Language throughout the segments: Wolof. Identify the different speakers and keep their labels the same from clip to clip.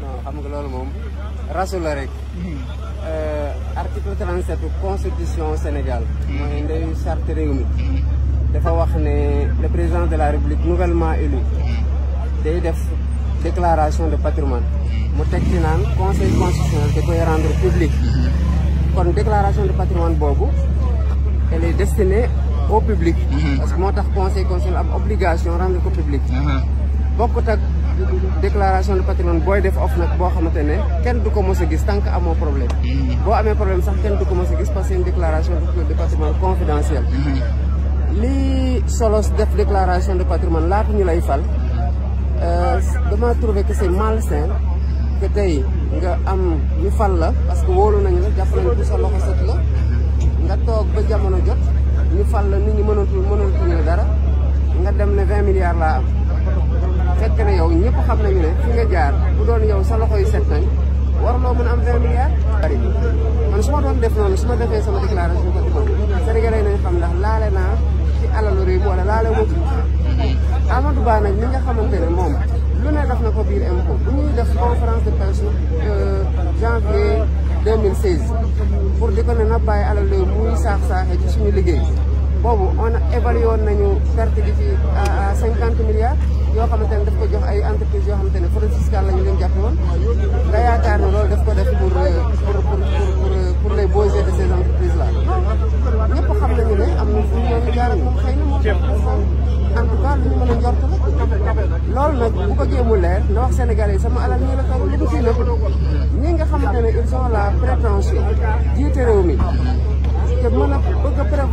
Speaker 1: non xam nga loolu la euh, article 37 constitution Sénégal. mooy une charte réunie. dafa wax le président de la république nouvellement élu. fait une déclaration de patrimoine. mu teg ci conseil constitutionnel Il rendre public. une déclaration de patrimoine elle est destinée au public. parce que le conseil constitutionnel am obligation de rendre ko public. déclaration de patrimoine booy def off nag boo xamante ne kenn du ko mos gis tant amoo problème boo amee problème sax kenn du ko mos a gis parce que une déclaration de patrimoine confidentielle lii si def déclaration de patrimoine laata ñu lay fal euh, dama trouvé que c'est malsain que tey nga am ñu fal la parce que wóolu nañu la jàpp nañu bu sa loxo set la nga toog ba jamono jot ñu fal la ni ñu mënatul mënatul dara nga dem ne vingt milliards laa am ñëpp xam nañu ne fi nga jaar bu doon yow sa loxo yu set nañ warloo mën a am 20 milliards. man su ma doon def noonu su ma defee sama déclaration ko dugg nañ xam ndax laale naa ci alalu réew wala laale wut. Amadou Ba nag ni nga xamante ne moom lu ne def na ko biir impôt bu ñuy def conférence de presse euh, janvier 2016 pour di ko ne na bàyyi alal réew muy saax saaxee ci suñu liggéey. boobu on a évalué woon nañu perte bi ci cinquante milliards yoo xamante ne daf ko jox ay entreprises yoo xamante ne fraude fiscale la ñu leen jàpp woon nga yaakaar ne loolu daf ko def pour euh, pour pour pour les beaux yeux de ces entreprises là. ñëpp xam nañu ne am na fu ñu doon jaarale moom xëy na moom en a njort la loolu nag bu ko jéemu leer na wax Sénégalais yi sama alal ñii la kaw lu ko fii nëpp ñi nga xamante ne ils ont la prétention jiite réew mi.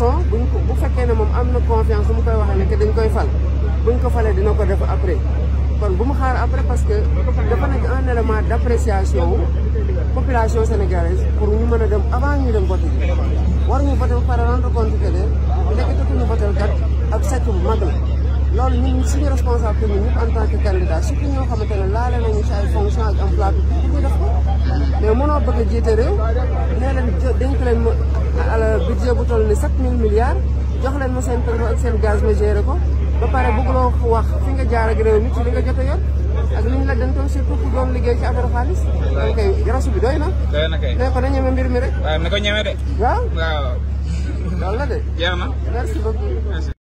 Speaker 1: bu buñ ko bu fekkee ne moom am na confiance bu mu koy waxee ne que dañ koy fal buñ ko falee dina ko def après kon bu mu xaar après parce que dafa nekk un élément d' appréciation wu population sénégalaise pour ñu mën a dem avant ñu dem voté ji war ñu voté ba pare rendre compte que ne ndekete ku ñu voté kat ak sàcc bu mag la loolu ñun suñu responsable commune ñëpp en tant que candidat surtout ñoo xamante ne laale nañu ci ay fonction ak emploi bi ñu def ko mais mënoo bëgg a jiite réew nee leen dénk leen ma budget bu toll ni sept mille milliards leen ma seen pétrole ak seen gaz ma géré ko ba pare bëgguloo wax fi nga jaar ak réew mi li nga jot a yor ak li ñu la dentoon surtout ku doon liggéey ci affaire xaalis donc rasu bi doy na. doy na kay ko na mbir mi rek. waaw na ko ñeme de. waaw waaw. loolu la de. jeex na merci beaucoup.